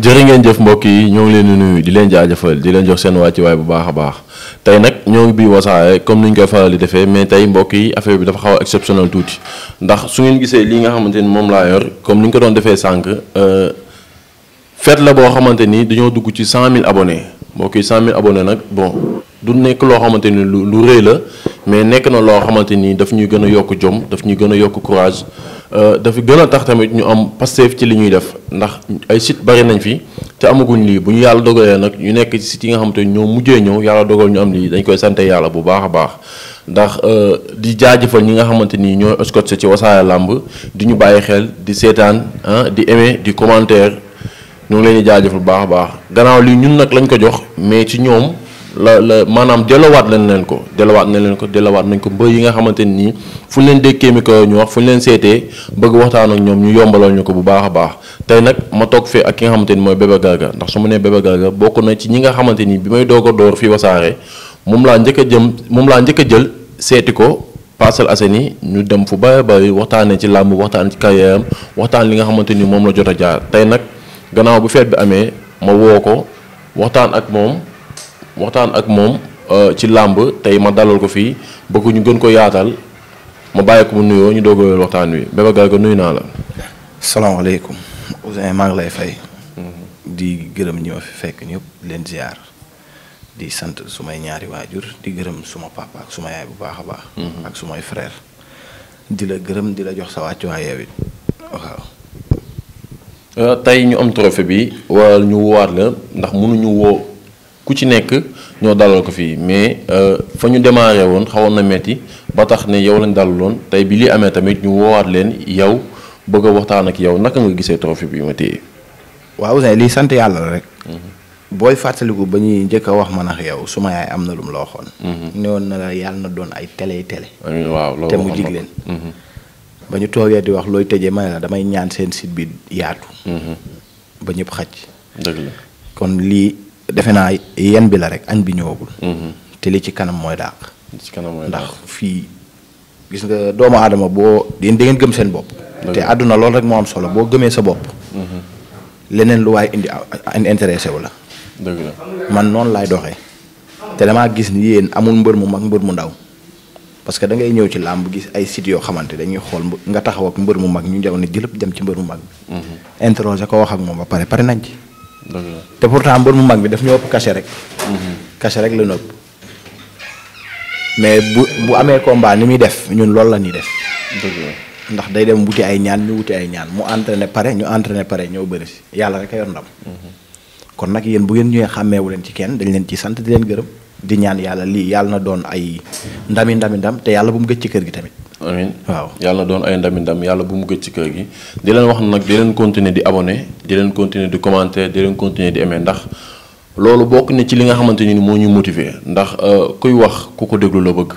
jërë ngeen jëf mbokk yi ñoo ngi leen di nuyu di leen jaajëfal di leen jox seen wàccuwaay bu baax a baax tey nag ñoo ngi biir wasaare comme ni ñu koy faral di defee mais tey mbokk yi affaire bi dafa xaw a tuuti ndax su ngeen gisee lii nga xamante ni moom laa yor comme ni ñu ko doon defee sànq euh, fête la boo xamante ni dañoo dugg ci cent mille abone mbokk yi 100000 abone nag bon du nekk loo xamante ni lu lu rëy la. mais nekk na loo xamante nii daf ñuy gën a yokk jom daf ñuy gën a yokk courage euh, dafa gën a tax tamit ñu am Pastef ci li ñuy def ndax ay site bari nañ fi te amaguñ lii bu ñu yàlla dogalee nag ñu nekk ci site yi nga xamante ni ñoo mujjee ñëw yàlla dogal ñu am dañ koy sante yàlla bu baax a baax ndax euh, di jaajëfal ñi nga xamante ni ñooy escorté ci Wassare Lamb di ñu bàyyi xel di seetaan ah di aimer di commentaire ñoo ngi leen di jaajëfal bu baax a baax gannaaw lii ñun nag lañ ko jox mais ci ñoom. la la maanaam delloowaat lañ leen ko delloowaat nañ leen ko delloowaat nañ ko mbër yi nga xamante nii fu ñu leen déggee mi ko ñu wax fu leen seetee bëgg waxtaan ak ñoom ñu yombalal ñu ko bu baax a baax tey nag ma toog fee ak ki nga xamante ni mooy Bébé Garga ndax ma nee Bébé Garga bokk na ci xamante ni bi may doog a door fii wasaare moom laa njëkk a jëm moom laa njëkk a jël seeti ko Parcelles ni ñu dem fu bëri bëri waxtaanee ci làmb waxtaan ci carrière am waxtaan li nga xamante ni moom la jot a jaar tey nag gannaaw bu feet bi amee ma wow ko waxtaan ak moom waxtaan ak moom euh, ci làmb tey ma dalal ko fii bëgg ñu gën ko yaatal ma bàyyi ko mu nuyoo ñu doog a waxtaan wi Bébé Garga nuyu naa la. salaamaaleykum Ouzin maa ngi lay fay. Mhm. di gërëm ñi fi fekk ñëpp di leen ziar di sant sumay ñaari waajur di gërëm suma papa ak suma yaay bu baax a baax. Mhm. ak sumay frère di la gërëm di la jox sa wàccuwaay yow it waaw. Euh, tey ñu am trophée bi wala ñu woowaat la ndax mënuñu woo ku ci nekk ñoo dalal ko fii mais euh, fa ñu démarré woon xawoon na metti ba tax ne yow lañ dalaloon tey bi li amee tamit ñu woowaat leen yow bëgg a waxtaan ak yow naka nga gisee trophée bi ma téye. waaw Ouzin lii sant yàlla la rek. Mhm. booy fàttaliku ba ñuy njëkk a wax man ak yow suma yaay am na lum la waxoon. Mhm. newoon na la yàlla na doon ay tele télé. waaw loolu te mu jig leen. Mhm. ba ñu toogee di wax looy tëjee ma ne la damay ñaan seen site bi yaatu. ba ñëpp xaj. kon lii. defe naa yan bi la rek añ bi ñëwagul. Mm-hmm. te lii ci kanam mooy dàq. li ndax fii gis nga doomu aadama boo yéen da ngeen gëm seen bopp. te àdduna loolu rek moo am solo boo gëmee sa bopp. Mm-hmm. leneen lu waaye indi indi intéressé wu la. dëgg la man noonu laay doxee. te damaa gis ni yéen amul mbër mu mag mbër mu ndaw parce que da ngay ñëw ci làmb gis ay sit yoo xamante dañuy xool nga taxaw ak mbër mu mag ñu njaw ne jëlëp dem ci mbër mu mag. Mm-hmm. interroger ko wax ak moom ba pare pare nañ ci. te pourtant mbër mu mag bi daf ñu ëpp cachet rek. kase rek la ñu ëpp mais bu bu amee combat ni muy def ñun lool la ñuy def. ndax day dem wuti ay ñaan ñu wuti ay ñaan mu entraîné pare ñu entraîné pare ñëw bëri si yàlla rek a yor ndam. Mhm. kon nag yéen bu ngeen ñëwee xàmmeewu leen ci kenn dañ leen ci sant di leen gërëm. di ñaan yàlla lii yàlla na doon ay ndami ndami ndam te yàlla bu mu gëj ci kër gi tamit. amiin waaw yàlla doon ay ndami ndam yàlla bu mu gëj ci kër gi di leen wax nag di leen continuer di abonné di leen continuer di commenter di leen continuer di aimer ndax. loolu bokk na ci li nga xamante ni moo ñu motiver ndax euh, kuy wax ku ko déglu la bëgg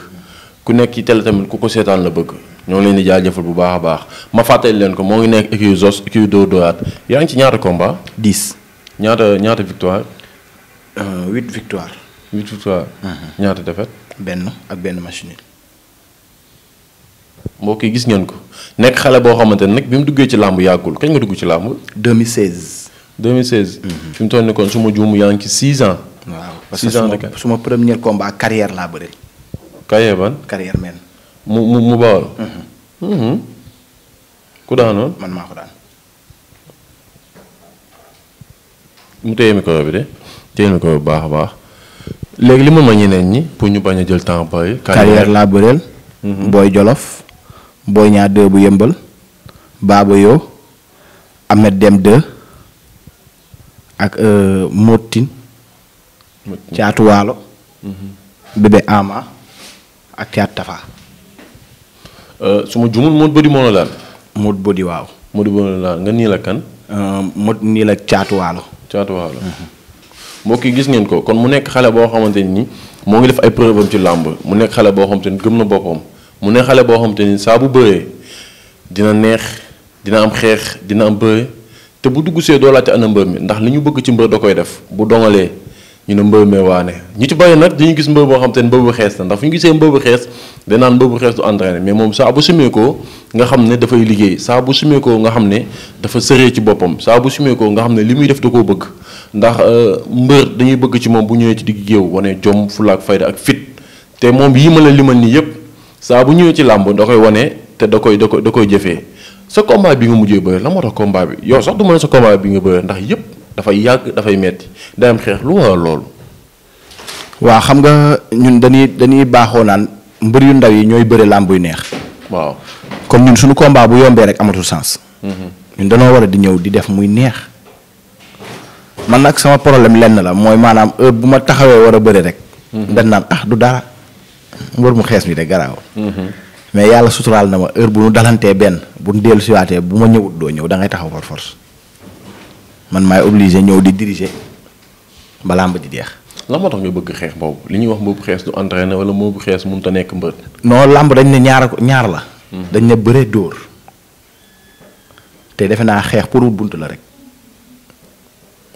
ku nekk ci télé tamit ku ko seetaan la bëgg ñoo leen di jaajëfal bu baax a baax ma fàttali leen ko moo ngi nekk équipe Zos équipe Dóor Dóoraat yaa ngi ci ñaata combat. 10 ñaata ñaata victoire. 8 euh, huit victoires. Uh-huh. ñaata defet benn ak benn machine nul. mbokk gis ngeen ko nekk xale boo xamante ne nag bi mu duggee ci làmb yàggul kañ nga dugg ci làmb. 2016. 2016. Uh-huh. fi mu toll nii kon su ma juum yaa ngi ci 6 ans. waaw parce que suma suma premier combat carrière laa bëri. carrière ban. carrière mu mu mu bawal. Uh-huh. ku daanoon. man maa ko daan. mu téye micro bi de téye micro bu baax baax. léegi li ma ma ñeneen ñi pour ñu bañ a jël temps bari. carrière laa bëreel. Mhm. booy jolof booy ñaar deux bu yëmbal. baaba yoo Ahmed Dem deux ak Motin. caatu waalo. bébé Ama ak caat Tafa. Euh, su ma jumul Modou Bodi moo la daal. Modou Bodi waaw. Modou Bodi moo la daal nga nii la kan. Euh, Modou nii la caatu mbokk yi gis ngeen ko kon mu nekk xale boo xamante ni moo ngi def ay preuve ci làmb mu nekk xale boo xamante ni gëm na boppam mu nekk xale boo xamante ni saa bëree dina neex dina am xeex dina am bëre te bu dugg see doo laajte ana mbër mi ndax li ñu bëgg ci mbër da koy def bu dongalee ñu ne mbër mee waane ñu ci bari nag dañuy gis mbër boo xam te ne mbër bu xees la ndax fu ñu gisee mbër bu xees danaan mbër bu xees du entraîné mais moom saa bu sumee nga xam ne dafay liggéey saabu bu sumee nga xam ne dafa sëree ci boppam saa bu nga xam ne li muy def da koo bëgg ndax euh, mbër dañuy bëgg ci moom bu ñëwee ci digg géew wane jom ak fayda ak fit te moom yii ma la limal nii yëpp saa bu ñëwee ci làmb da koy wane te da koy da koy da koy jëfee sa combat bi nga mujjee bëre la moo tax combat bi yow sax du ma sa combat bi nga bëre ndax yëpp dafay yàgg dafay metti day xeex lu waral loolu. xam nga ñun dañuy dañuy baaxoo naan mbër yu ndaw yi ñooy bëre làmb yu neex. waaw kon ñun suñu combat bu yombee rek amatul sens. Mm-hmm. ñun dañoo war a di ñëw di def muy neex. man nag sama problème lenn la mooy maanaam heure bu ma taxawee war a bëri rek. Mhm. dañ naan ah du dara mbër mu xees bi de garaaw. Mhm. mais yàlla suturaal na ma heure bu nu dalantee benn bu nu dellu siwaatee bu ma ñëwut doo ñëw da ngay taxaw par force man maay obligé ñëw di diriger ba làmb ji jeex. lan moo tax ñu bëgg xeex boobu li ñuy wax mboobu xees du entraîné wala mboobu xees mënut a nekk mbër. noo làmb dañ ne ñaar ñaar la. Mhm. dañ ne bëre dóor te defe naa xeex pour bunt la rek.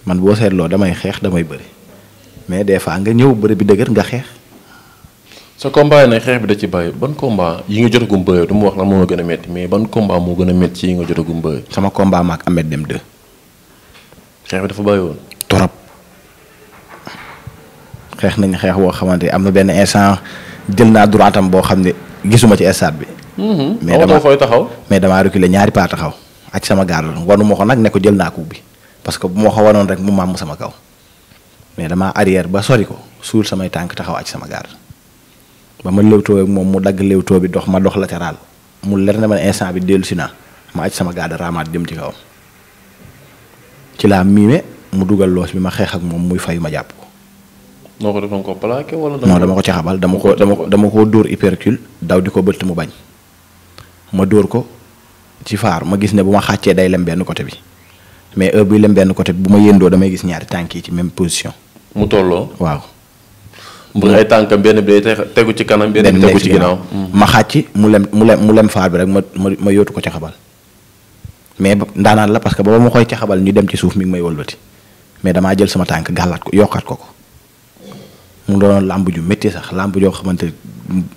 man boo seetloo damay xeex damay bëri mais des fois nga ñëw bëri bi dëgër nga xeex. sa combat yi nag xeex bi da ci bàyyi ban combat yi nga jotagum bëre du ma wax lan moo gën a métti mais ban combat moo gën a métti yi nga jotagum bëre. sama combat maak Ahmed Dem 2. dafa bàyyi woon. torop xeex nañ xeex boo xamante am na benn instant jël naa droitam boo xam ne gisuma ci stade bi. Mm-hmm. mais dama fooy taxaw mais damaa reculer ñaari paa taxaw. ak sama gaar la wanu ko nag ne ko jël naa ko bi. parce que bu ma ko waroon rek mu màmm sama kaw mais damaa arrière ba sori ko suul samay tànk taxaw aj sama gaar ba ma léwtoo ak moom mu dagg léwtoo bi dox ma dox latéral mu leer na ma instant bi dellu si naa ma aj sama gaar raamaat jëm ci kawam ci laa miime mu dugal loos bi ma xeex ak moom muy fayu ma jàpp ko. moo ko defoon ko plaqué wala. non dama ko caxabal dama ko dama ko dama ko dóor hypercule daw di ko bëtt mu bañ ma dóor ko ci faar ma gis ne bu ma xàccee day lem benn côté bi. mais heure buy lem benn côté bu ma yëndoo damay gis ñaari tànk yi ci même position. mu tolloo waaw. bu ay tànk benn bi day tegu ci kanam. benn bi tegu ci ginnaaw ma xàcc mu lem mu lem mu lem faar bi rek ma ma ma yóotu ko ci xabal. mais ndaanaan la parce que booba ma koy ca xabal ñu dem ci suuf mi may wëlbati mais damaa jël sama tànk gàllaat ko yokkaat ko ko. mu doonoon làmb ju métti sax làmb joo xamante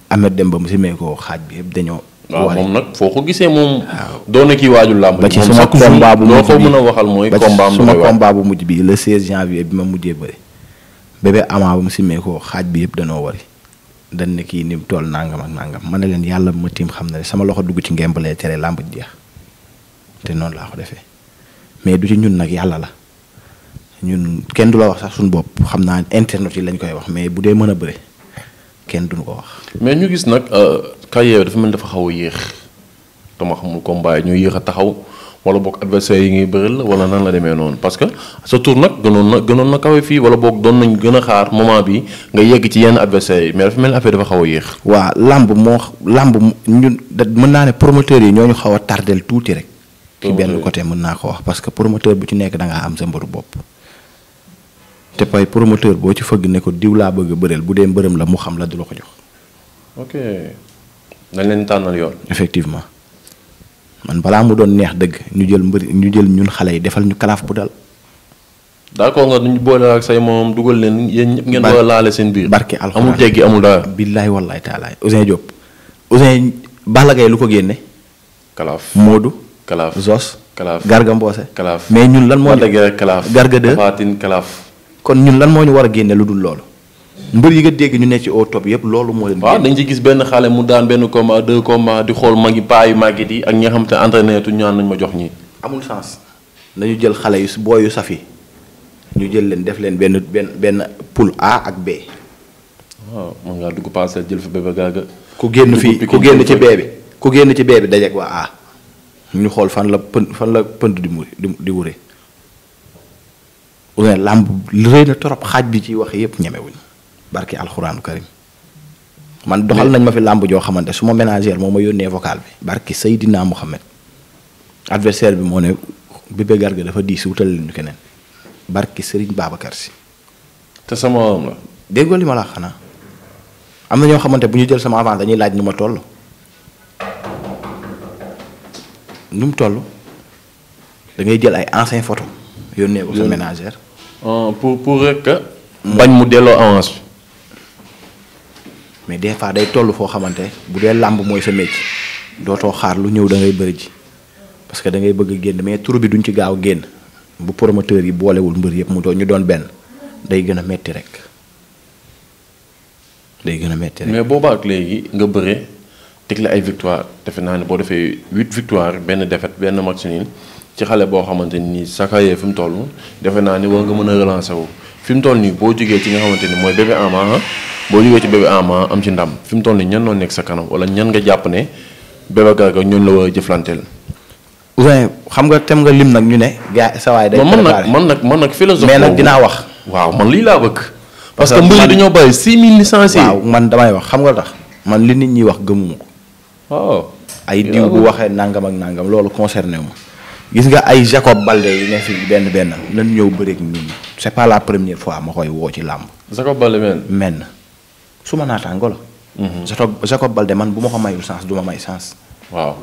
Ahmed Demba mu simee ko xaaj bi yëpp dañoo waaw moom nag foo ko gisee moom. waaw doon kii waajul làmb. ba ci suma combat bu mujj bi loo ko a mooy. combat suma combat bu mujj bi le 16 janvier bi ma mujjee bëri. bébé amaa ba mu simmee ko xaaj bi yëpp danoo wari. dañ ne kii ni tool toll nangam ak nangam ma ne leen yàlla ma tiim xam ne sama loxo dugg ci ngemb lay tere làmb jeex te noonu laa ko defee mais du ci ñun nag yàlla la ñun kenn du la wax sax suñu bopp xam naa internet yi lañ koy wax mais bu dee mën a bëre. kenn duñu ko wax. mais ñu gis nag ka euh, yeew dafa mel dafa xaw a yéex dama xamul combat yi ñu yéex a taxaw wala boog adversaire yi ngi bëril la wala nan la demee noonu parce que sa tour nag gënoon na gënoon na kawe fii wala boog doon nañ gën a xaar moment bi nga yegg ci yenn adversaire yi mais dafa mel affaire dafa xaw a yéex. waa làmb moo làmb ñun da mën naa ne promoteurs yi ñoo ñu xaw a tardel tuuti rek. ci benn côté mën naa ko wax parce que promoteur bu ci nekk da am sa mbëru bopp. te pay promoteur boo ci fëgg ne ko diw laa bëgg a bëreel bu dee mbërëm la mu xam la du la ko jox. ok dañ leen tànnal yoon. effectivement man balaa mu doon neex dëgg ñu jël mbër ñu jël ñun xale yi defal ñu kalaaf bu dal. d'accord nga ñu boole ak say moom dugal leen yéen ñëpp ngeen. doon laale seen biir barke alxuraan amul jéggi taalaay Ousin Diop. Ousin Balla lu ko génne. kalaaf Modou. kalaaf Zos. kalaaf Garga Mbossé. mais ñun lan moo. Garga de Garga de kon ñun lan moo ñu war a génne lu dul loolu. mbër yi nga dégg ñu ne ci au top yëpp loolu mooy leen. waaw dañ ci gis benn xale mu daan benn combat deux di xool magi paa yu màgget yi ak nga xam te ne entraîneur nañ ma jox ñi amul sens nañu jël xale yu booy yu safi ñu jël leen def leen benn benn benn poule A ak B. waaw mën ngaa dugg paase jël fa bébé gaaga ku génn fii ku génn ci bee bi ku génn ci bee bi dajeeg waa A ñu xool fan la pën fan la pënd di mu di wure oubien làmb na trop xaaj bi ci wax yëpp ñemewuñ barki alxuraanu karim man doxal nañ ma fi làmb joo xamante su ma ménagère moo ma yónnee vocal bi barki Seydina Mohamed adversaire bi moo ne Bébé Garga dafa diis wutal ñu keneen barki Serigne Babacar si. te sama morom la. déggoo li ma la xanaa am na ñoo xamante bu ñu jël sama avance dañuy laaj nu ma toll. nu mu toll da jël ay ancien photo yónnee ko sa ménagère. Euh, pour pour rek mbañ hmm. mu delloo avance bi. mais des fois day toll foo xamante bu dee làmb mooy sa métier dootoo xaar lu ñëw da ngay bëri ji parce que da ngay bëgg génn mais tur bi duñ ci gaaw génn bu promoteur yi boolewul mbër yëpp mu doo ñu doon benn day gën a metti rek day gën a metti rek. mais boobaa ak léegi nga bëre teg la ay victoire defe naa ne boo defee huit victoire benn défaite benn match nul. ci xale boo xamante ni sa fi mu toll defe naa ni war nga mën a relancer wu fi mu toll nii boo jógee ci nga xamante ni mooy bébé ama ah, boo jógee ci bébé ama am ci ndam fi mu toll nii ñan noo nekk sa kanam wala ñan nga jàpp ne bébé garga ñoon la war a jëflanteel ousin xam nga tem nga lim nag ñu ne gaa sa waay day man nag man nag man nag philosophe mais nag dinaa wax man lii laa bëgg parce que mbir dañoo bari 6000 licenciés waaw man damay wax xam nga tax man li nit ñi wax gëmuma ko waaw oh. ay diw bu waxee nangam ak nangam loolu concerné ma gis nga ay Jacob Balde yi ne fi benn benn lan ñëw bëreeg ñun c'est pas la première fois ma koy woo ci làmb. Jacob Balde men su ma naataango la. Mhm. Jacob Balde man bu ma ko mayul chance du ma may chance. waaw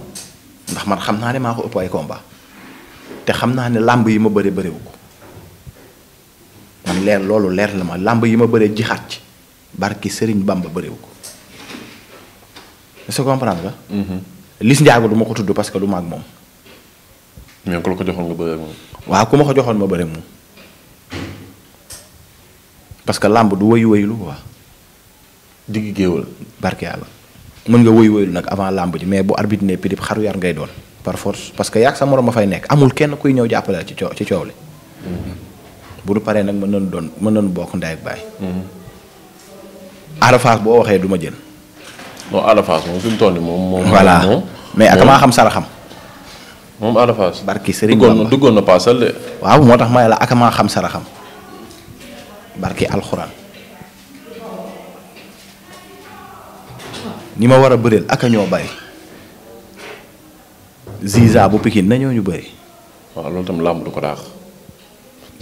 ndax man xam naa ne maa ko ëpp ay combat te xam naa ne làmb yi ma bëre bëriwu ko man leer loolu leer la ma làmb yi ma bëree jixaat ci barki Serigne Bamba bëriwu ko est-ce que comprendre nga. Mhm. Liss Ndiago du ma ko tudd parce que du ma moom. mais ku la ko joxoon nga bëri moom. waaw ku ma ko joxoon ma bëri moom parce que làmb du wëyu wëylu quoi. digg géewal barke yàlla. mën nga wëyu wëylu nag avant làmb ji mais bu arbitre ne pirip xaru yar ngay doon par force parce que yaag sa morom ma fay nekk amul kenn kuy ñëw jàppale ci coow ci coow li. Mm-hmm. bu du paree nag mën nañu doon mën nañu bokk ndaay ak baay. Mm-hmm. arafaas boo waxee du ma jël. non arafaas moom fi mu toll nii moom. moom mais ak xam sara xam. moom Ada barki Serigne Bamba duggoon na paasal de. waaw moo tax may la aka maa xam saraxam barki alxuraan ñi ma war a bëreel ak a ñoo bari Ziza bu Pikine nañoo ñu bëri. waaw loolu ko daax.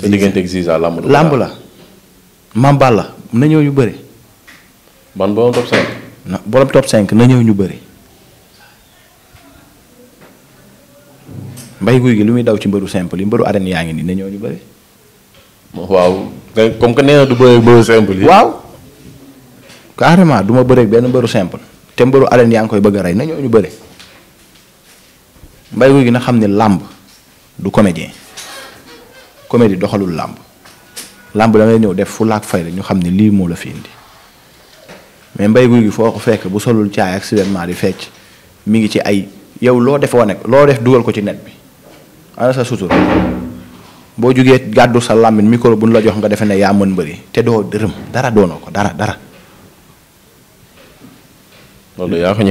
làmb la. Mambal la nañoo ñu bëri. ban borom top 5. na borom top 5 nañoo ñu bari mbay guy gi lu muy daw ci mbaru simple yi mbëru arène yaa ngi nii ne ñoo ñu bëri. waaw du bëre mbëru simple waaw carrément duma ma benn mbaru simple te mbëru arène yaa ngi koy bëgg rey na ñoo ñu bëri mbay guy gi na xam ne làmb du comédien comédie doxalul làmb làmb da ngay ñëw def fu laak fay la ñu xam ne lii moo la fii indi mais mbay guy gi foo ko fekk bu solul caay ak di fecc mi ngi ci ay yow loo defoo wane loo def dugal ko ci net bi. ana sa sutura boo jugee gàddu sa làmbit micro bu la jox nga defe na yaa mën mbëri te doo dërëm dara doonoo ko dara dara. loolu yaa ko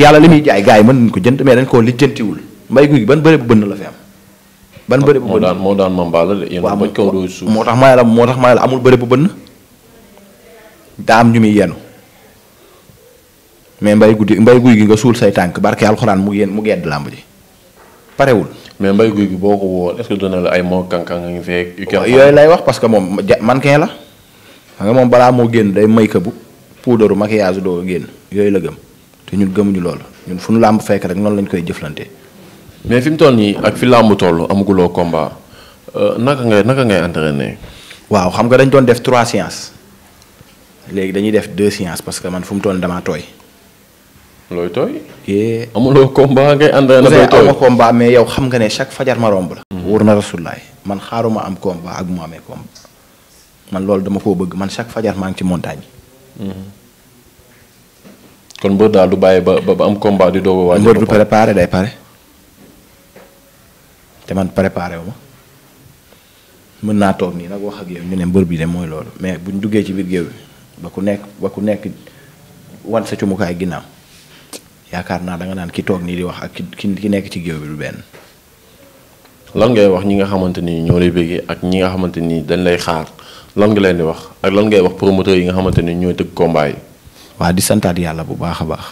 yàlla li muy jaay gars yi mën nañ ko jënd mais dañ koo lijjantiwul mbay guy ban bëre bu bënn la fi am. ban bëre bu bënn moo daan moo daan mambaala de. yéen bañ moo tax ma moo tax ma ne amul bëre bu daa am ñu muy yenu mais mbay guddi mbay guy gi nga suul say tànk barke alxuraan mu yéen mu gedd làmb ji parewul. mais mbay guy gi boo ko woon est ce que dina la ay moo kankan nga ngi fekk yooyu lay wax parce que moom mannequin la xam nga moom balaa moo génn day may bu puudaru maquillage doo génn yooyu la gëm te ñun gëmuñu loolu ñun fu ñu làmb fekk rek noonu lañ koy jëflante. mais fi mu toll nii ak fi làmb toll amaguloo combat euh, naka ngay naka ngay entraîné. waaw xam nga dañu doon def trois séances léegi dañuy def deux séances parce que man fu mu toll damaa tooy. looy tooy. amuloo combat ngay ànd na looy tooy amuloo mais yow xam nga ne chaque fajar ma romb la. wóor na rasulaay man xaaruma am combat ak bu amee combat man loolu dama koo bëgg man chaque fajar maa ngi ci montagne. Mm-hmm. kon mbër daal du bàyyi ba ba am combat di doog a waaj. mbër du préparé day pare te man préparé wu mën naa toog nii nag wax ak yow ñu ne mbër bi de mooy loolu mais buñ duggee ci biir géew bi ba ku nekk ba ku nekk wan sa cumukaay ginnaaw. yaakaar naa da nga naan ki toog nii di wax ak ki ki nekk ci géew bi du benn. lan ngay wax ñi nga xamante ni ñoo lay bëggee ak ñi nga xamante ni dañ lay xaar lan nga leen di wax ak lan ngay wax promoteur yi nga xamante ni ñooy tëgg combat yi. waaw di santaat yàlla bu baax a baax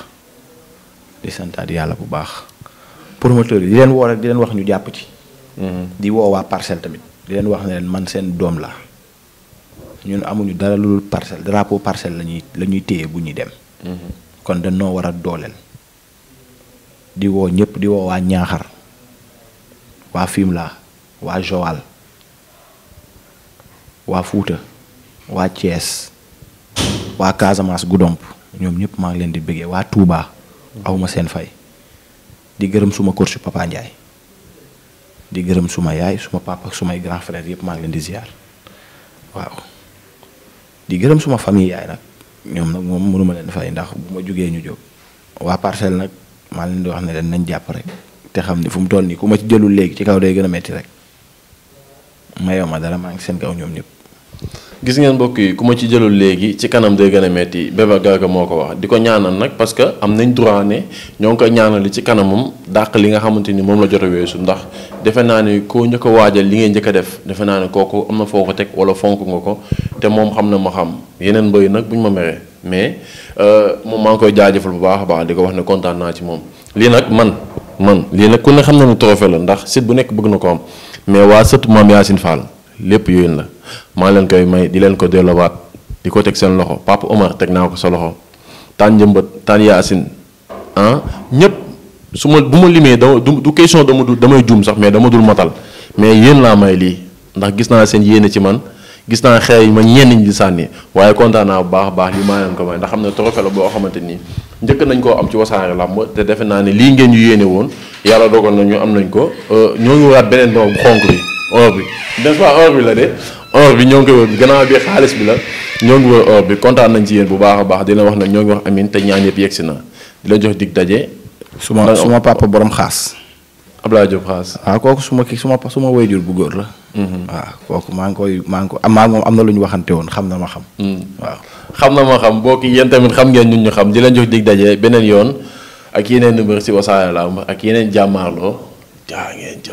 di santaat yàlla bu baax promoteur yi di leen woo rek di leen wax ñu jàpp ci. Mm-hmm. di woo waa parcelle tamit. di leen wax ne leen man seen doom la ñun amuñu dara lu dul parcelle drapeau parcelle la ñuy la ñuy téye bu ñuy dem. Mm-hmm. kon dañ noo war a dooleel. di woo ñëpp di woo waa ñaaxar waa Fimela waa Joal waa Fuuta waa Thiès waa Casamance Goudomp ñoom ñëpp maa ngi leen di bëggee waa Touba awma seen fay di gërëm suma coach Papa Ndiaye di gërëm suma yaay suma papa ak sumay grand frère yëpp maa ngi leen di ziar waaw di gërëm suma famille yaay nag ñoom nag moom mënuma leen fay ndax bu ma jógee ñu jóg waa parcelle nag maa leen di wax ne leen nañ jàpp rek te xam ne fu mu toll nii ku ma ci jëlu léegi ci kaw day gën a metti rek mayoo ma dara maa ngi seen kaw ñoom ñëpp. gis ngeen mbokk yi ku ma ci jëlul léegi ci kanam day gën a metti Bébé Garga moo ko wax di ko ñaanal nag parce que am nañ droit ne ñoo ngi koy ñaanal ci kanamam dàq li nga xamante ni moom la jot a weesu ndax defe naa ne koo njëkk a waajal li ngay njëkk a def defe naa ne kooku am na foo ko teg wala fonk nga ko te moom xam na ma xam yeneen mbéy nag bu ñu ma meree. mais euh, moom maa ngi koy jaajëfal bu baax a baax di ko wax ne kontaan naa ci moom lii nag man man lii nag ku ne xam na ne trophée la ndax site bu nekk bëgg na ko am mais waa sët maam Yacine Fall lépp yooyu la maa leen koy may di leen ko delloowaat di ko teg seen loxo Papa Omar teg naa ko sa loxo taan njëmbat taan Yacine ah ñëpp su ma bu ma limee dama du du question dama du damay juum sax mais dama dul matal mais yéen laa may lii ndax gis naa seen yéene ci man. gis naa xeer yi ma ñenn ñi di sànni waaye kontaan bu baax a baax li maa leen ko may ndax xam ne trophée la boo xamante nii njëkk nañ koo am ci wasaare làmb te defe naa ne lii ngeen ñu yéene woon yàlla dogal na ñu am nañ ko euh, ñoo ngi waraat beneen doom xonk bi or bi n'est-ce pas bi la de or bi ñoo ngi koy wër gannaaw bi xaalis bi la ñoo ngi wër or bi kontaan nañ ci yéen bu baax a baax dina wax nag ñoo ngi wax amin te ñaan yëpp yegsi na di jox dig daje. suma suma papa borom xaas. Abdoulaye Diop Xaas waaw ah, kooku su ma kii su ma su ma wayjur bu góor la. waaw mm-hmm. ah, kooku maa ngi koy maa ngi ko ah, maa moom am na lu ñu waxante woon xam na ma xam. Mm. waaw xam na ma xam boo kii yéen tamit xam ngeen ñun ñu xam di leen jox dig dajee beneen yoon ak yeneen numéro si Wassare Lamb ak yeneen jàmmaarloo jaa ngeen